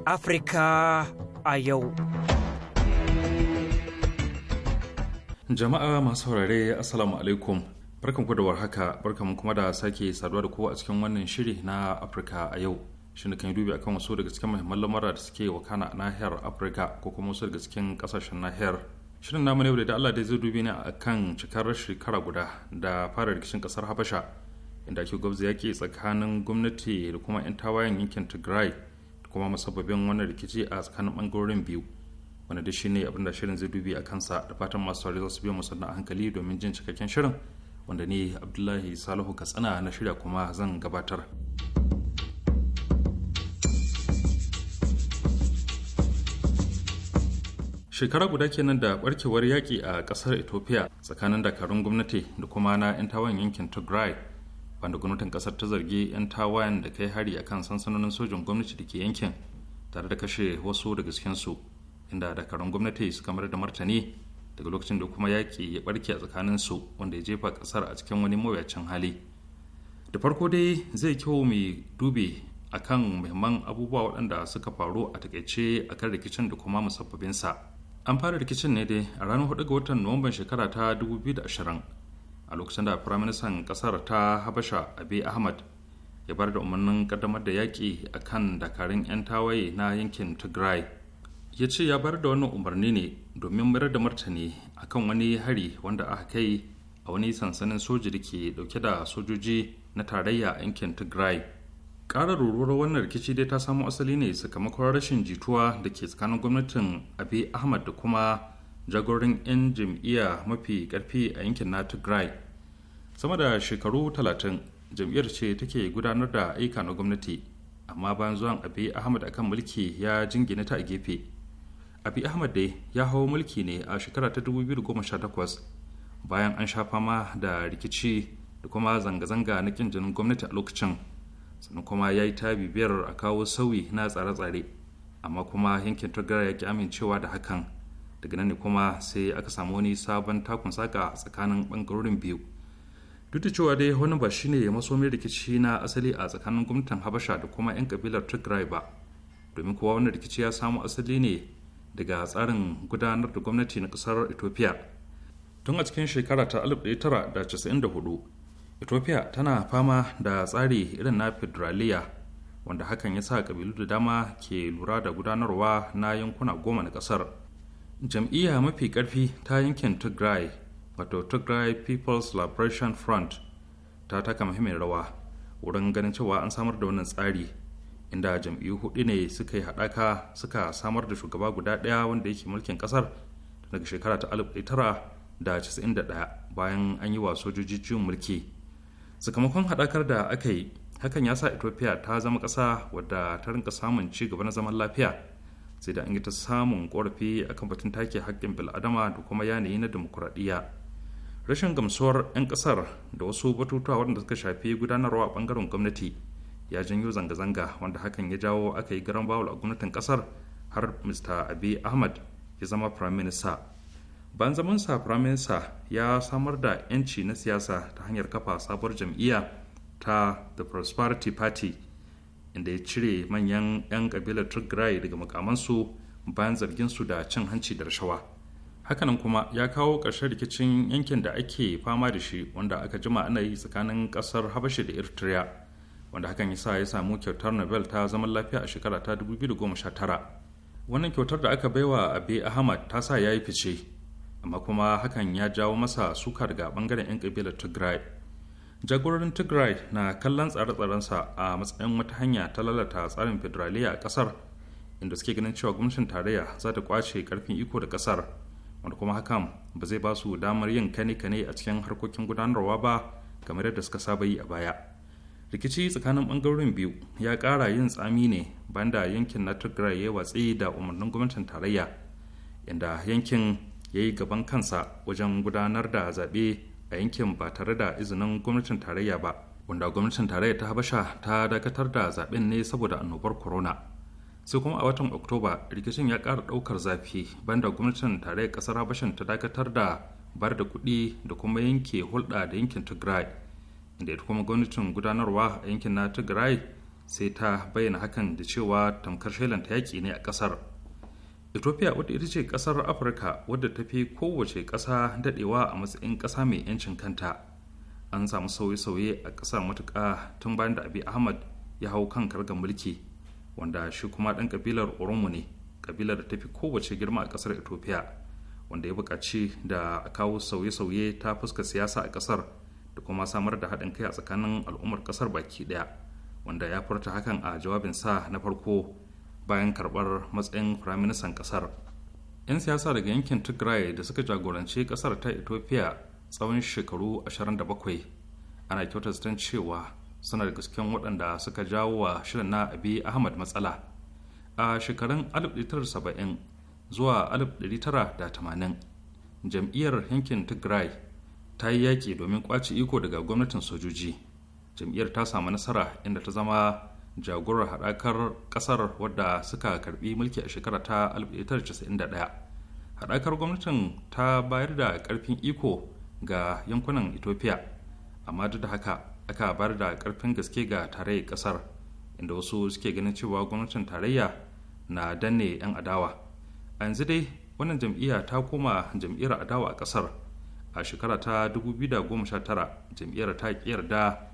afirka a yau jama'a masu saurare assalamu alaikum barkan kudawar haka barkan kuma da sake saduwa da kowa a cikin wannan shiri na afirka a yau shi kan yi dubi akan wasu daga cikin muhimman lamura da suke wakana a nahiyar afirka ko kuma wasu daga cikin kasashen nahiyar shirin namu ne da allah dai zai dubi ne kan cikar shekara guda da fara rikicin kasar habasha inda ake gwabza yaki tsakanin gwamnati da kuma 'yan tawayen yankin tigray da kuma masababin wannan rikici a tsakanin bangarorin biyu wanda da shine abin da shirin zai dubi a kansa da fatan masu sauri za su biya musu a hankali domin jin cikakken shirin wanda ni abdullahi salihu katsina na shirya kuma zan gabatar. shekara guda kenan da barkewar yaƙi a ƙasar ethiopia tsakanin dakarun gwamnati da kuma na 'yan tawayen yankin tigray wanda gwamnatin ƙasar ta zargi 'yan tawayen da kai hari akan sansanonin sojin gwamnati da ke yankin tare da kashe wasu daga cikinsu inda dakarun gwamnati suka kamar da martani daga lokacin da kuma yaƙi ya barke a su wanda ya jefa ƙasar a cikin wani mawuyacin hali da farko dai zai kyau mai dube akan muhimman abubuwa waɗanda suka faru a takaice akan rikicin da kuma musabbabinsa an fara rikicin ne dai a ranar 4 ga watan nuwamban shekara ta 2020 a lokacin da firaministan kasar ta habasha abiy ahmad ya bar da umarnin kaddamar da yaƙi a kan dakarun 'yan tawaye na yankin tigray ya ce ya bar da wannan umarni ne domin mayar da martani a kan wani hari wanda aka kai a wani sansanin soji da ke dauke da sojoji na tarayya a yankin tigray karar ruruwar wannan rikici dai ta samo asali ne sakamakon rashin jituwa da ke tsakanin gwamnatin abi ahmad da kuma jagorin 'yan jam'iyya mafi karfi a yankin na tigray sama da shekaru talatin jam'iyyar ce take gudanar da aika na gwamnati amma bayan zuwan abi ahmad akan mulki ya jingina ta a gefe abi ahmad dai ya hau mulki ne a shekara ta 2018 bayan an sha fama da rikici da kuma zanga-zanga na kin jinin gwamnati a lokacin sannan kuma ya yi ta biyar a kawo sauyi na tsare-tsare amma kuma yankin tagara ya ki amincewa da hakan daga nan ne kuma sai aka samu wani sabon takun saka tsakanin bangarorin biyu duk da cewa dai wani ba shine ya masomin rikici na asali a tsakanin gwamnatin habasha da kuma 'yan kabilar tigray ba domin kowa wani rikici ya samu asali ne daga tsarin gudanar da gwamnati na kasar ethiopia tun a cikin shekara ta 1994 ethiopia tana fama da tsari irin na federaliya wanda hakan ya sa kabilu da dama ke lura da gudanarwa na yankuna goma na kasar jam'iyya mafi karfi ta yankin tigray wato tigray people's liberation front ta taka muhimmin rawa wurin ganin cewa an samar da wannan tsari inda jam'iyyu hudu ne suka yi haɗaka suka samar da shugaba guda ɗaya wanda yake mulkin ƙasar daga shekara ta 1991 bayan an yi wa sojoji ciwon mulki sakamakon haɗakar da aka yi hakan ya sa ethiopia ta zama ƙasa wadda ta rinka samun ci gaba na zaman lafiya sai da an yi ta samun ƙorafi akan batun take haƙƙin bil'adama da kuma yanayi na demokuraɗiyya rashin gamsuwar 'yan ƙasar da wasu batutuwa waɗanda suka shafi gudanarwa a ɓangaren gwamnati ya janyo zanga-zanga wanda hakan ya jawo aka yi garan bawul a gwamnatin ƙasar har mr abi ahmad ya zama prime minister Banzaminsa zaman sa ya samar da 'yanci na siyasa ta hanyar kafa sabuwar jam'iyya ta the prosperity party inda ya cire manyan 'yan kabilar tigray daga makamansu bayan zarginsu da cin hanci da rashawa hakanan kuma ya kawo ƙarshen rikicin yankin da ake fama da shi wanda aka jima ana yi tsakanin ƙasar habasha da eritrea wanda hakan yasa ya samu kyautar nobel ta zaman lafiya a shekara ta 2019 wannan kyautar da aka baiwa abe ahmad ta sa ya yi fice amma kuma hakan ya jawo masa sukar ga bangaren 'yan kabilar tigray jagororin tigray na kallon tsare-tsarensa a matsayin wata hanya ta lalata tsarin federaliya a kasar inda suke ganin cewa gwamnatin tarayya za ta kwace karfin iko da ƙasar wanda kuma hakan ba zai ba su damar yin kane-kane a cikin harkokin gudanarwa ba kamar yadda suka saba yi a baya rikici tsakanin bangarorin biyu ya kara yin tsami ne banda yankin na tigray ya watsi da umarnin gwamnatin tarayya inda yankin ya yi gaban kansa wajen gudanar da zaɓe a yankin ba tare da izinin gwamnatin tarayya ba wanda gwamnatin tarayya ta habasha ta dakatar da zaɓen ne saboda annobar corona sai kuma a watan oktoba rikicin ya ƙara ɗaukar zafi banda gwamnatin tarayya ƙasar habashan ta dakatar da bar da kuɗi da kuma yanke hulɗa da yankin tigray inda ita kuma gwamnatin gudanarwa a yankin na tigray sai ta bayyana hakan da cewa tamkar shelanta yaƙi ne a ƙasar ethiopia wadda ita ce kasar afirka wadda ta fi kowace ƙasa daɗewa a matsayin ƙasa mai 'yancin kanta an samu sauye-sauye a ƙasar matuƙa tun bayan da abi ahmad ya hau kan karga mulki wanda shi kuma ɗan ƙabilar oromo ne ƙabilar da ta fi kowace girma a ƙasar ethiopia wanda ya buƙaci da a kawo sauye-sauye ta fuska siyasa a ƙasar da kuma samar da haɗin kai a tsakanin al'ummar ƙasar baki ɗaya wanda ya furta hakan a jawabinsa na farko bayan karɓar matsayin firaministan ƙasar 'yan siyasa daga yankin tigray da suka jagoranci ƙasar ta ethiopia tsawon shekaru 27 ana zaton cewa suna da gasken waɗanda suka jawo wa shirin na abi ahmad matsala a shekarun 1970 zuwa 1980 jam'iyyar yankin tigray ta yi yaƙi domin ƙwace iko daga gwamnatin sojoji jam'iyyar ta samu nasara inda ta zama jagorar haɗakar ƙasar wadda suka karbi mulki a shekara ta 1991 haɗakar gwamnatin ta bayar da karfin iko ga yankunan ethiopia amma duk da haka aka bayar da karfin gaske ga tarayyar ƙasar inda wasu suke ganin cewa gwamnatin tarayya na danne 'yan adawa a yanzu dai wannan jam'iyya ta koma jam'iyyar adawa a ƙasar a shekara ta 2019 jam'iyyar ta yarda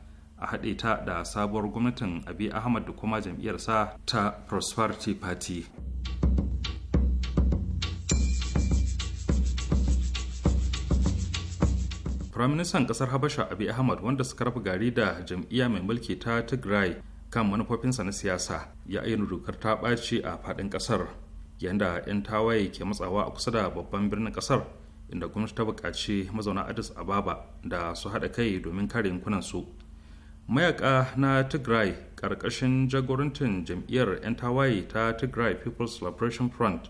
a haɗe ta da sabuwar gwamnatin abi ahmad da kuma jam'iyyarsa ta prosperity party firaministan ƙasar habasha abi ahmad wanda suka rafa gari da jam'iyya mai mulki ta tigray kan manufofinsa na siyasa ya ayyana dokar ta ɓaci a faɗin ƙasar yadda 'yan tawaye ke matsawa a kusa da babban birnin ƙasar inda gwamnati ta buƙaci mazauna addis ababa da su haɗa kai domin kare su. mayaka na tigray ƙarƙashin jagorantar jam'iyyar 'yan tawaye ta tigray people's liberation front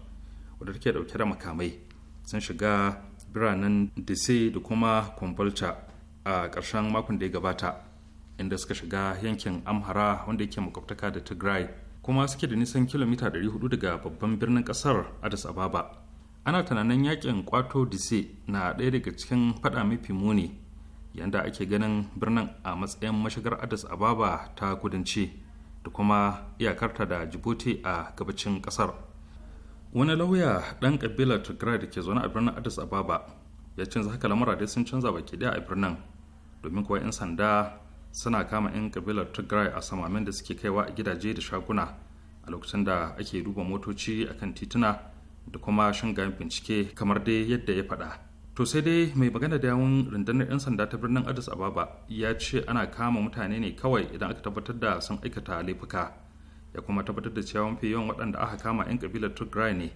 wadda take ɗauke da makamai sun shiga biranen dise da kuma kumbalta a ƙarshen makon da ya gabata inda suka shiga yankin amhara wanda yake makwabtaka da tigray kuma suke da nisan kilomita 400 daga babban birnin ƙasar addis ababa ana tunanin yakin kwato dise na ɗaya daga cikin faɗa mafi muni yanda ake ganin birnin a matsayin mashigar addis ababa ta kudanci da kuma iyakarta da jibuti a gabacin kasar wani lauya ɗan kabilar tigray da ke zaune a birnin addis ababa ya canza haka lamura dai sun canza baki daya a birnin domin kuwa 'yan sanda suna kama 'yan kabilar tigray a samamin da suke kaiwa a gidaje da shaguna a lokacin da ake duba motoci akan tituna da kuma shinga bincike kamar dai yadda ya faɗa to sai dai mai magana da yawun rundunar 'yan sanda ta birnin addis ababa ya ce ana kama mutane ne kawai idan aka tabbatar da sun aikata laifuka ya kuma tabbatar da cewa mafi yawan waɗanda aka kama 'yan kabilar tigray ne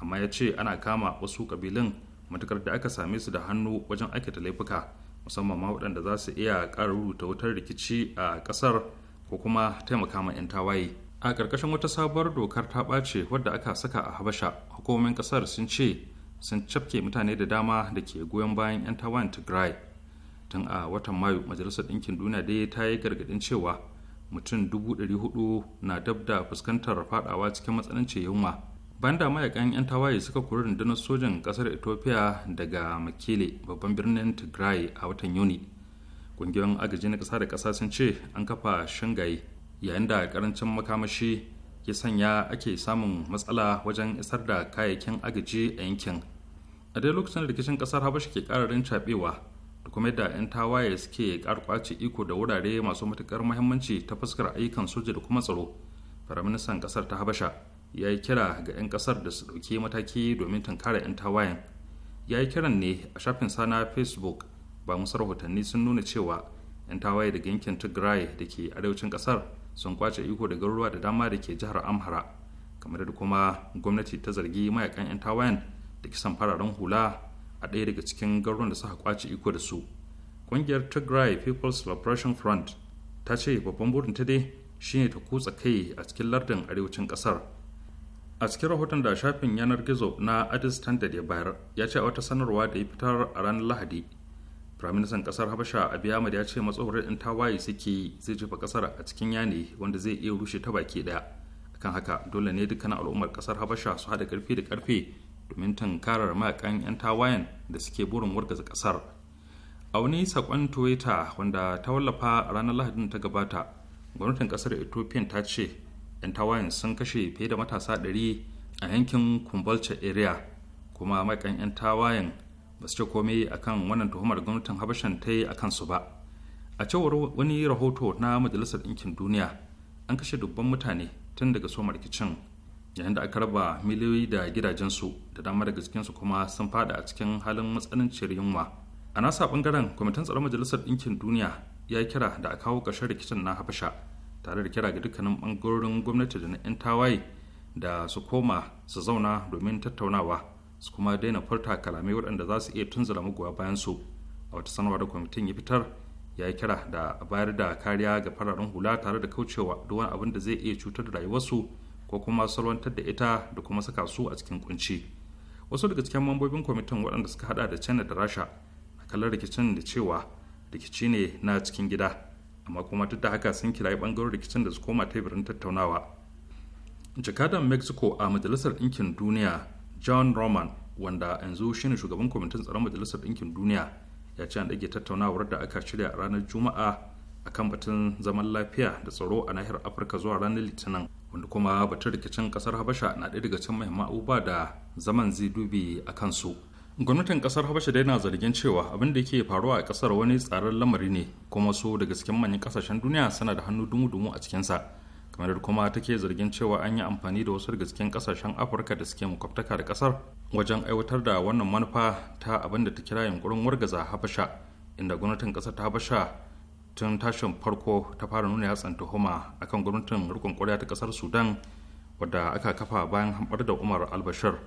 amma ya ce ana kama wasu kabilun matukar da aka same su da hannu wajen aikata laifuka musamman ma waɗanda za su iya ƙara rubuta wutar rikici a ƙasar ko kuma taimaka ma 'yan tawaye a ƙarƙashin wata sabuwar dokar ta ɓace wadda aka saka a habasha hukumomin ƙasar sun ce sun cafke mutane da dama da ke goyon bayan 'yan tawan tigray tun a watan mayu majalisar ɗinkin duniya dai ta yi gargaɗin cewa mutum 400 na dab da fuskantar fadawa cikin matsanancin yunwa banda mayakan 'yan tawaye suka kori rundunar sojan ƙasar ethiopia daga makile babban birnin tigray a watan yuni ƙungiyoyin agaji na ƙasa da ƙasa sun ce an kafa shingaye yayin da ƙarancin makamashi ya sanya ake samun matsala wajen isar da kayayyakin agaji a yankin a dai lokacin rikicin kasar habasha ke kararin cabewa da kuma yadda 'yan tawaye suke karkwace iko da wurare masu matukar muhimmanci ta fuskar ayyukan soja da kuma tsaro firaministan kasar ta habasha ya yi kira ga 'yan kasar da su ɗauki mataki domin tunkara 'yan tawayen ya yi kiran ne a shafin sana facebook ba musu rahotanni sun nuna cewa 'yan tawaye daga yankin tigray da ke arewacin kasar sun kwace iko da garuruwa da dama da ke jihar amhara kamar da kuma gwamnati ta zargi mayakan 'yan tawayen da kisan fararen hula a ɗaya daga cikin garuruwan da suka kwace iko da su ƙungiyar tigray people's liberation front ta ce babban burin ta dai shine ta kutsa kai a cikin lardin arewacin ƙasar a cikin rahoton da shafin yanar gizo na addis standard ya bayar ya ce a wata sanarwa da ya fitar a ranar lahadi firaministan kasar habasha abiy ahmad ya ce matsohorin ɗin tawaye suke zai jefa kasar a cikin yane wanda zai iya rushe ta baki daya akan haka dole ne dukkanin al'ummar kasar habasha su haɗa karfi da karfe domin tankarar mayakan 'yan tawayen da suke burin wargaza kasar a wani sakon toyota wanda ta wallafa ranar lahadin ta gabata gwamnatin kasar ethiopian ta ce 'yan tawayen sun kashe fiye da matasa 100 a yankin kumbalce area kuma mayakan 'yan tawayen ba su ce komai akan wannan tuhumar gwamnatin habashan ta yi a kansu ba a cewar wani rahoto na majalisar ɗinkin duniya an kashe dubban mutane tun daga somar rikicin yayin da aka raba miliyoyi da gidajensu da dama daga cikinsu kuma sun fada a cikin halin matsananciyar yunwa a nasa bangaren kwamitin tsaron majalisar ɗinkin duniya ya kira da a kawo ƙarshen rikicin na habasha tare da kira ga dukkanin bangarorin gwamnati da na 'yan tawaye da su koma su zauna domin tattaunawa su kuma daina furta kalamai waɗanda za su iya tunzura magoya bayan su a wata sanarwa da kwamitin ya fitar ya kira da bayar da kariya ga fararen hula tare da kaucewa duk wani abin da zai iya cutar da rayuwarsu ko kuma salwantar da ita da kuma saka su a cikin kunci wasu daga cikin mambobin kwamitin waɗanda suka hada da china da rasha a rikicin da cewa rikici ne na cikin gida amma kuma duk da haka sun kirayi bangaren rikicin da su koma teburin tattaunawa jakadan mexico a majalisar ɗinkin duniya john roman wanda yanzu shine shugaban kwamitin tsaron majalisar ɗinkin duniya ya ce an ɗage tattaunawar da aka shirya a ranar juma'a akan batun zaman lafiya da tsaro a nahiyar afirka zuwa ranar litinin wanda kuma batun rikicin kasar habasha na ɗaya daga cikin mahimman abubuwa da zaman zai dubi a kansu gwamnatin kasar habasha dai na zargin cewa abin da ke faruwa a kasar wani tsaron lamari ne kuma su daga cikin manyan kasashen duniya suna da hannu dumu-dumu a cikinsa kamar kuma take zargin cewa an yi amfani da wasu daga cikin kasashen afirka da suke makwabtaka da kasar wajen aiwatar da wannan manufa ta abin da ta kira yunkurin wargaza habasha inda gwamnatin kasar ta habasha tun tashin farko ta fara nuna yatsan tuhuma akan gwamnatin rikon kwarya ta ƙasar sudan wadda aka kafa bayan hamɓar da umar albashir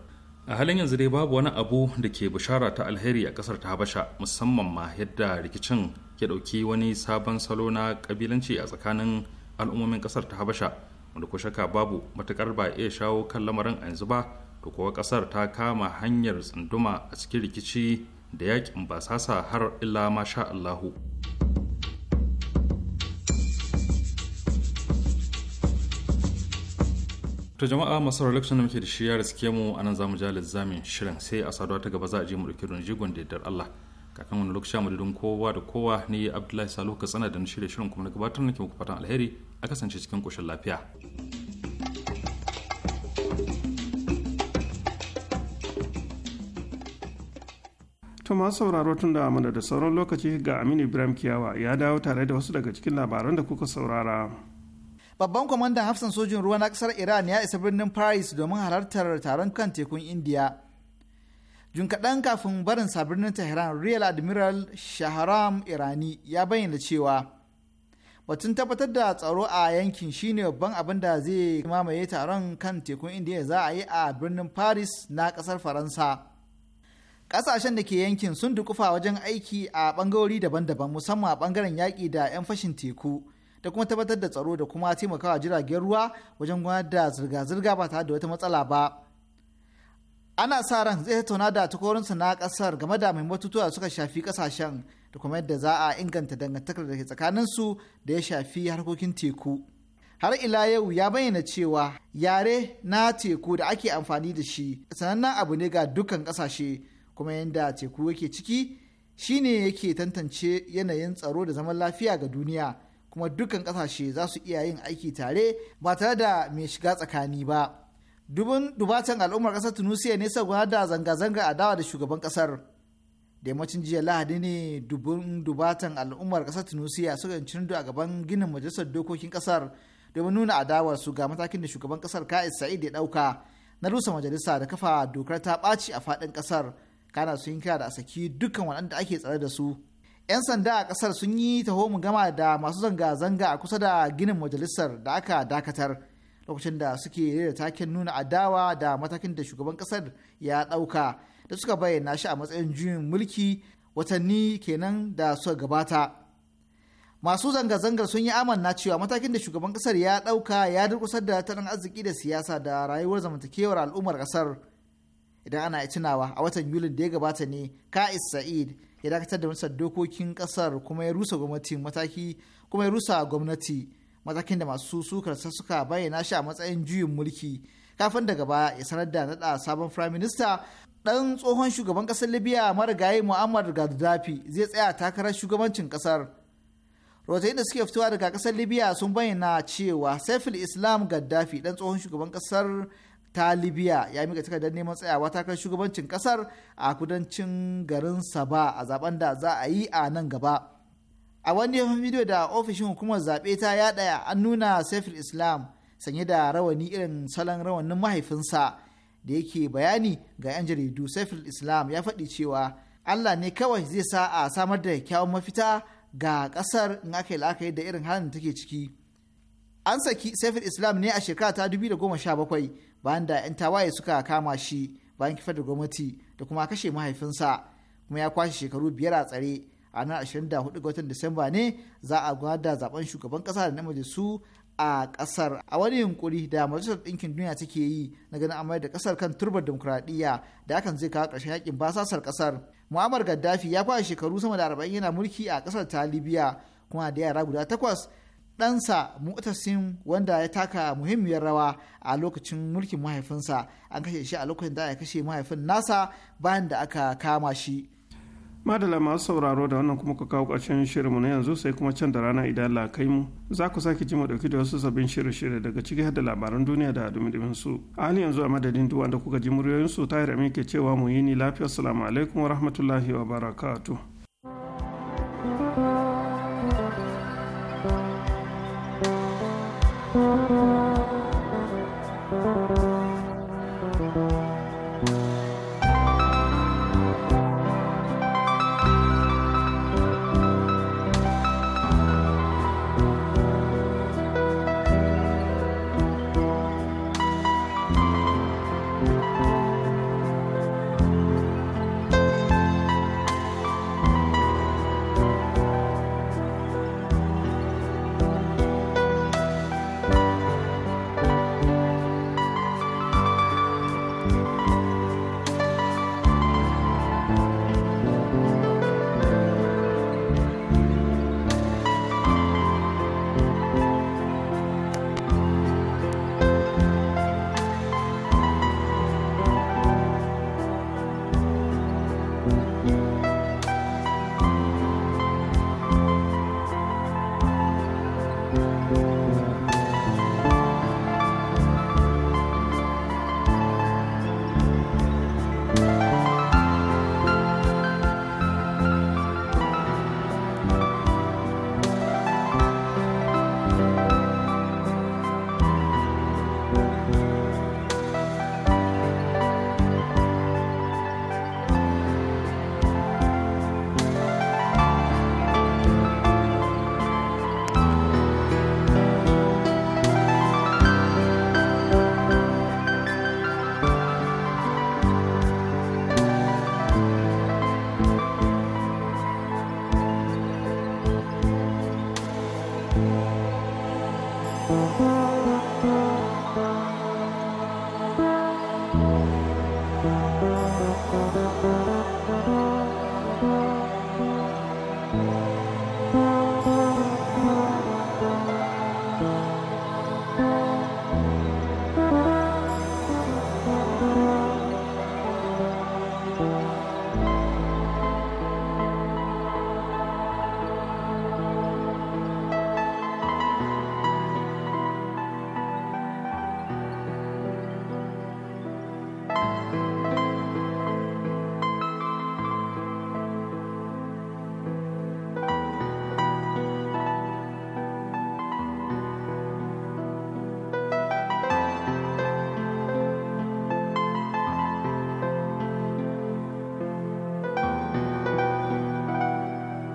a halin yanzu dai babu wani abu da ke bishara ta alheri a ƙasar ta habasha musamman ma yadda rikicin ke ɗauki wani sabon salo na kabilanci a tsakanin al'ummomin ƙasar ta habasha wanda ko shaka babu matukar ba iya shawo kan lamarin a yanzu ba to kuwa ƙasar ta kama hanyar tsunduma a cikin rikici da yakin basasa har illa masha Allahu. to jama'a masu lokacin da muke da shi ya riske mu a nan zamu ja lizamin shirin sai a saduwa ta gaba za a je mu ɗauki jigon da yardar Allah kafin wani lokaci mu madadin kowa da kowa ne Abdullahi Salo ka tsana da shirya shirin kuma na gabatar nake muku fatan alheri a kasance cikin koshin lafiya To masu sauraro tun da mana da sauran lokaci ga Aminu Ibrahim Kiyawa ya dawo tare da wasu daga cikin labaran da kuka saurara. Babban kwamandan hafsan sojin ruwa na ƙasar Iran ya isa birnin Paris domin halartar taron kan tekun India, Jun kaɗan kafin barin sa birnin Tehran, Real Admiral Shahram Irani ya bayyana cewa batun tabbatar da tsaro a yankin shine babban abin da zai mamaye taron kan tekun India za a yi a birnin Paris na ƙasar Faransa. ƙasashen da ke yankin sun dukufa wajen aiki a bangarori daban-daban musamman a bangaren yaƙi da 'yan fashin teku da kuma tabbatar da tsaro da kuma taimakawa jiragen ruwa wajen gudanar da zirga-zirga ba tare da wata matsala ba. Ana sa ran zai tattauna da takwarorinsa na kasar game da mai matutuwa suka shafi kasashen da kuma yadda za a inganta dangantakar da ke su da ya shafi harkokin teku. har ila yau ya bayyana cewa yare na teku da ake amfani da shi sanannen abu ne ga dukkan kasashe kuma yadda teku yake ciki shine yake tantance yanayin tsaro da zaman lafiya ga duniya kuma dukkan kasashe za su iya yin aiki tare ba tare da mai shiga tsakani ba dubin dubatan al'ummar kasar tunisia ne saboda da zanga-zanga adawa da shugaban kasar da yammacin jiya lahadi ne dubin dubatan al'ummar kasar tunisia suka cindu a gaban ginin majalisar dokokin kasar domin nuna adawar su ga matakin da shugaban kasar ka'is sa'id ya dauka na rusa majalisa da kafa dokar ta ɓaci a faɗin kasar kana sun kira da a saki dukkan waɗanda ake tsare da su 'yan sanda a kasar sun yi taho gama da masu zanga-zanga a kusa da ginin majalisar da aka dakatar lokacin da suke da taken nuna adawa da matakin da shugaban kasar ya ɗauka da suka bayyana shi a matsayin juyin mulki watanni kenan da suka gabata masu zanga-zangar sun yi amanna cewa matakin da shugaban kasar ya ɗauka ya durkusar da tattalin arziki da siyasa da rayuwar zamantakewar al'ummar kasar idan ana tunawa a watan yulin da ya gabata ne ka'is sa'id ya dakatar da wasu dokokin kasar kuma ya rusa gwamnati mataki kuma ya rusa gwamnati matakin da masu sukar suka bayyana shi a matsayin juyin mulki kafin daga baya ya sanar da naɗa sabon prime minista ɗan tsohon shugaban kasar libya marigayi muammar gaddafi zai tsaya takarar shugabancin kasar rahotanni da suke fitowa daga ƙasar libya sun bayyana cewa saiful islam gaddafi ɗan tsohon shugaban ƙasar ta libya ya mika takardar neman tsayawa takarar shugabancin kasar a kudancin garin saba a zaben da za a yi a nan gaba a wani bidiyo da ofishin hukumar zaɓe ta yaɗa an nuna saifir islam sanye da rawani irin salon rawanin mahaifinsa da yake bayani ga 'yan jaridu saifir islam ya faɗi cewa allah ne kawai zai sa a samar da kyawun mafita ga ƙasar in aka yi la'akari da irin halin da take ciki an saki saifir islam ne a shekara ta 2017 bayan da 'yan tawaye suka kama shi bayan kifar da gwamnati da kuma kashe mahaifinsa kuma ya kwashe shekaru biyar a tsare a nan 24 ga watan Disamba ne za a gwada zaben shugaban kasa da na majalisu a kasar a wani yunkuri da majalisar ɗinkin duniya take yi na ganin amai da kasar kan turbar demokuraɗiyya da hakan zai kawo ƙarshen yakin basasar kasar muammar gaddafi ya kwashe shekaru sama da 40 yana mulki a kasar ta libya kuma da yara guda takwas ɗansa mu'tasim wanda ya taka muhimmiyar rawa a lokacin mulkin mahaifinsa an kashe shi a lokacin da ya kashe mahaifin nasa bayan da aka kama shi madala masu sauraro da wannan kuma ka kawo ƙarshen shirinmu na yanzu sai kuma can da rana idan la kai mu za ku sake ji mu dauki da wasu sabbin shirye-shirye daga ciki da labaran duniya da dumi su a hali yanzu a madadin duk wanda kuka ji muryoyin su tahir amin ke cewa mu yi ni lafiya assalamu alaikum wa rahmatullahi wa barakatuh